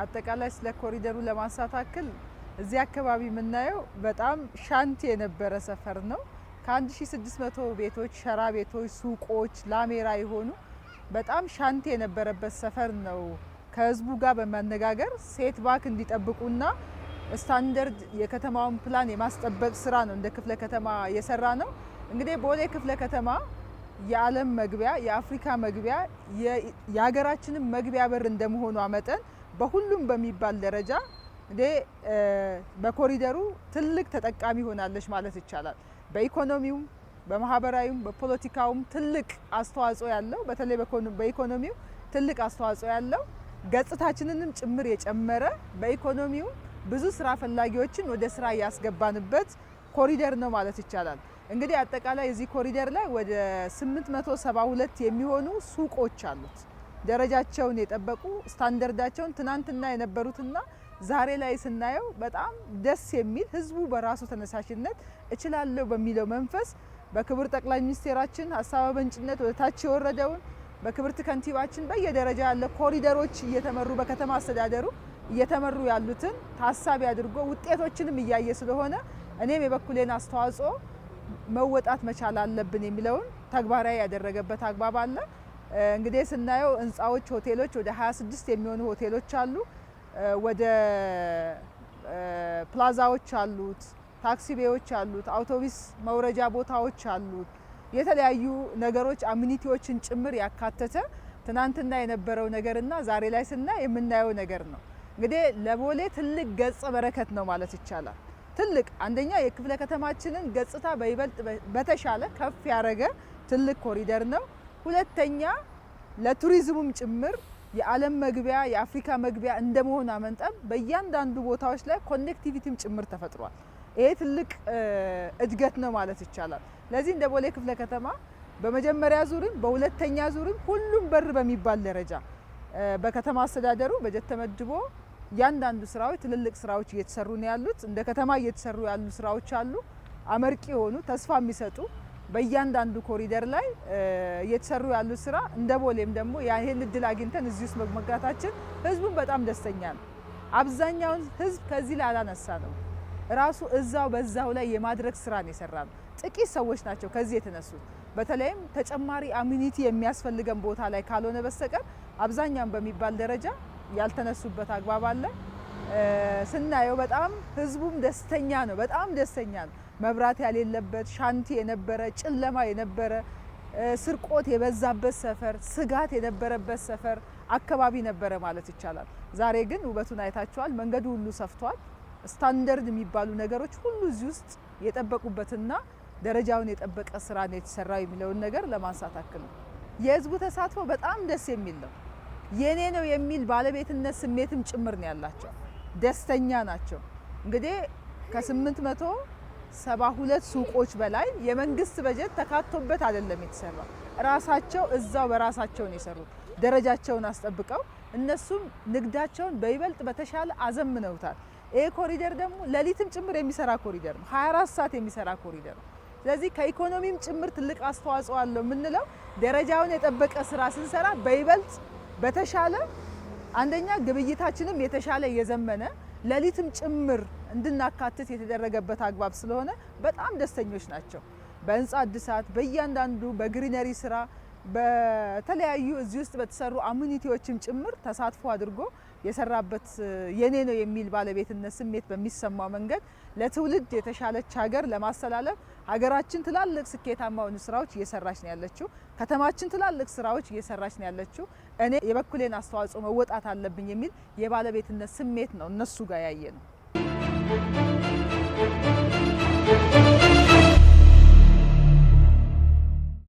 አጠቃላይ ስለ ኮሪደሩ ለማንሳት አክል እዚህ አካባቢ የምናየው በጣም ሻንቲ የነበረ ሰፈር ነው። ከ1600 ቤቶች፣ ሸራ ቤቶች፣ ሱቆች፣ ላሜራ የሆኑ በጣም ሻንቲ የነበረበት ሰፈር ነው። ከህዝቡ ጋር በማነጋገር ሴት ባክ እንዲጠብቁና ስታንደርድ የከተማውን ፕላን የማስጠበቅ ስራ ነው እንደ ክፍለ ከተማ የሰራ ነው። እንግዲህ ቦሌ ክፍለ ከተማ የዓለም መግቢያ የአፍሪካ መግቢያ የሀገራችንም መግቢያ በር እንደመሆኗ መጠን በሁሉም በሚባል ደረጃ እንዴ በኮሪደሩ ትልቅ ተጠቃሚ ሆናለች ማለት ይቻላል። በኢኮኖሚውም፣ በማህበራዊም፣ በፖለቲካውም ትልቅ አስተዋጽኦ ያለው በተለይ በኢኮኖሚው ትልቅ አስተዋጽኦ ያለው ገጽታችንንም ጭምር የጨመረ በኢኮኖሚውም ብዙ ስራ ፈላጊዎችን ወደ ስራ ያስገባንበት ኮሪደር ነው ማለት ይቻላል። እንግዲህ አጠቃላይ እዚህ ኮሪደር ላይ ወደ 872 የሚሆኑ ሱቆች አሉት። ደረጃቸውን የጠበቁ ስታንደርዳቸውን ትናንትና የነበሩትና ዛሬ ላይ ስናየው በጣም ደስ የሚል ህዝቡ በራሱ ተነሳሽነት እችላለሁ በሚለው መንፈስ በክብር ጠቅላይ ሚኒስቴራችን ሀሳብ አመንጭነት ወደ ታች የወረደውን በክብርት ከንቲባችን በየደረጃ ያለ ኮሪደሮች እየተመሩ በከተማ አስተዳደሩ እየተመሩ ያሉትን ታሳቢ አድርጎ ውጤቶችንም እያየ ስለሆነ እኔም የበኩሌን አስተዋጽኦ መወጣት መቻል አለብን የሚለውን ተግባራዊ ያደረገበት አግባብ አለ። እንግዲህ ስናየው ህንፃዎች፣ ሆቴሎች ወደ 26 የሚሆኑ ሆቴሎች አሉ። ወደ ፕላዛዎች አሉት፣ ታክሲ ቤዎች አሉት፣ አውቶቡስ መውረጃ ቦታዎች አሉት። የተለያዩ ነገሮች አሚኒቲዎችን ጭምር ያካተተ ትናንትና የነበረው ነገርና ዛሬ ላይ ስናይ የምናየው ነገር ነው። እንግዲህ ለቦሌ ትልቅ ገጸ በረከት ነው ማለት ይቻላል። ትልቅ አንደኛ የክፍለ ከተማችንን ገጽታ በይበልጥ በተሻለ ከፍ ያደረገ ትልቅ ኮሪደር ነው። ሁለተኛ ለቱሪዝሙም ጭምር የዓለም መግቢያ የአፍሪካ መግቢያ እንደመሆን አመንጠም በእያንዳንዱ ቦታዎች ላይ ኮኔክቲቪቲም ጭምር ተፈጥሯል። ይሄ ትልቅ እድገት ነው ማለት ይቻላል። ለዚህ እንደ ቦሌ ክፍለ ከተማ በመጀመሪያ ዙርም በሁለተኛ ዙርም ሁሉም በር በሚባል ደረጃ በከተማ አስተዳደሩ በጀት ተመድቦ እያንዳንዱ ስራዎች ትልልቅ ስራዎች እየተሰሩ ነው ያሉት። እንደ ከተማ እየተሰሩ ያሉ ስራዎች አሉ፣ አመርቂ የሆኑ ተስፋ የሚሰጡ በእያንዳንዱ ኮሪደር ላይ እየተሰሩ ያሉት ስራ እንደ ቦሌም ደግሞ ይህን እድል አግኝተን እዚህ ውስጥ መግባታችን ህዝቡን በጣም ደስተኛ ነው። አብዛኛውን ህዝብ ከዚህ ላይ አላነሳ ነው ራሱ እዛው በዛው ላይ የማድረግ ስራ ነው የሰራ ነው። ጥቂት ሰዎች ናቸው ከዚህ የተነሱት። በተለይም ተጨማሪ አሚኒቲ የሚያስፈልገን ቦታ ላይ ካልሆነ በስተቀር አብዛኛውን በሚባል ደረጃ ያልተነሱበት አግባብ አለ። ስናየው በጣም ህዝቡም ደስተኛ ነው። በጣም ደስተኛ ነው። መብራት ያሌለበት ሻንቲ የነበረ ጨለማ የነበረ ስርቆት የበዛበት ሰፈር፣ ስጋት የነበረበት ሰፈር አካባቢ ነበረ ማለት ይቻላል። ዛሬ ግን ውበቱን አይታቸዋል። መንገዱ ሁሉ ሰፍቷል። ስታንደርድ የሚባሉ ነገሮች ሁሉ እዚህ ውስጥ የጠበቁበትና ደረጃውን የጠበቀ ስራ ነው የተሰራው የሚለውን ነገር ለማንሳት አክል ነው። የህዝቡ ተሳትፎ በጣም ደስ የሚል ነው። የኔ ነው የሚል ባለቤትነት ስሜትም ጭምር ነው ያላቸው። ደስተኛ ናቸው። እንግዲህ ከስምንት መቶ ሰባ ሁለት ሱቆች በላይ የመንግስት በጀት ተካቶበት አይደለም የተሰራ። ራሳቸው እዛው በራሳቸው ነው የሰሩት። ደረጃቸውን አስጠብቀው እነሱም ንግዳቸውን በይበልጥ በተሻለ አዘምነውታል። ይሄ ኮሪደር ደግሞ ሌሊትም ጭምር የሚሰራ ኮሪደር ነው። 24 ሰዓት የሚሰራ ኮሪደር ነው። ስለዚህ ከኢኮኖሚም ጭምር ትልቅ አስተዋጽኦ አለው የምንለው ደረጃውን የጠበቀ ስራ ስንሰራ በይበልጥ በተሻለ አንደኛ ግብይታችንም የተሻለ የዘመነ ሌሊትም ጭምር እንድናካትት የተደረገበት አግባብ ስለሆነ በጣም ደስተኞች ናቸው። በህንፃ እድሳት፣ በእያንዳንዱ በግሪነሪ ስራ፣ በተለያዩ እዚህ ውስጥ በተሰሩ አሚኒቲዎችም ጭምር ተሳትፎ አድርጎ የሰራበት የኔ ነው የሚል ባለቤትነት ስሜት በሚሰማው መንገድ ለትውልድ የተሻለች ሀገር ለማስተላለፍ ሀገራችን ትላልቅ ስኬታማውን ስራዎች እየሰራች ነው ያለችው። ከተማችን ትላልቅ ስራዎች እየሰራች ነው ያለችው። እኔ የበኩሌን አስተዋጽኦ መወጣት አለብኝ የሚል የባለቤትነት ስሜት ነው እነሱ ጋር ያየ ነው። Thank you.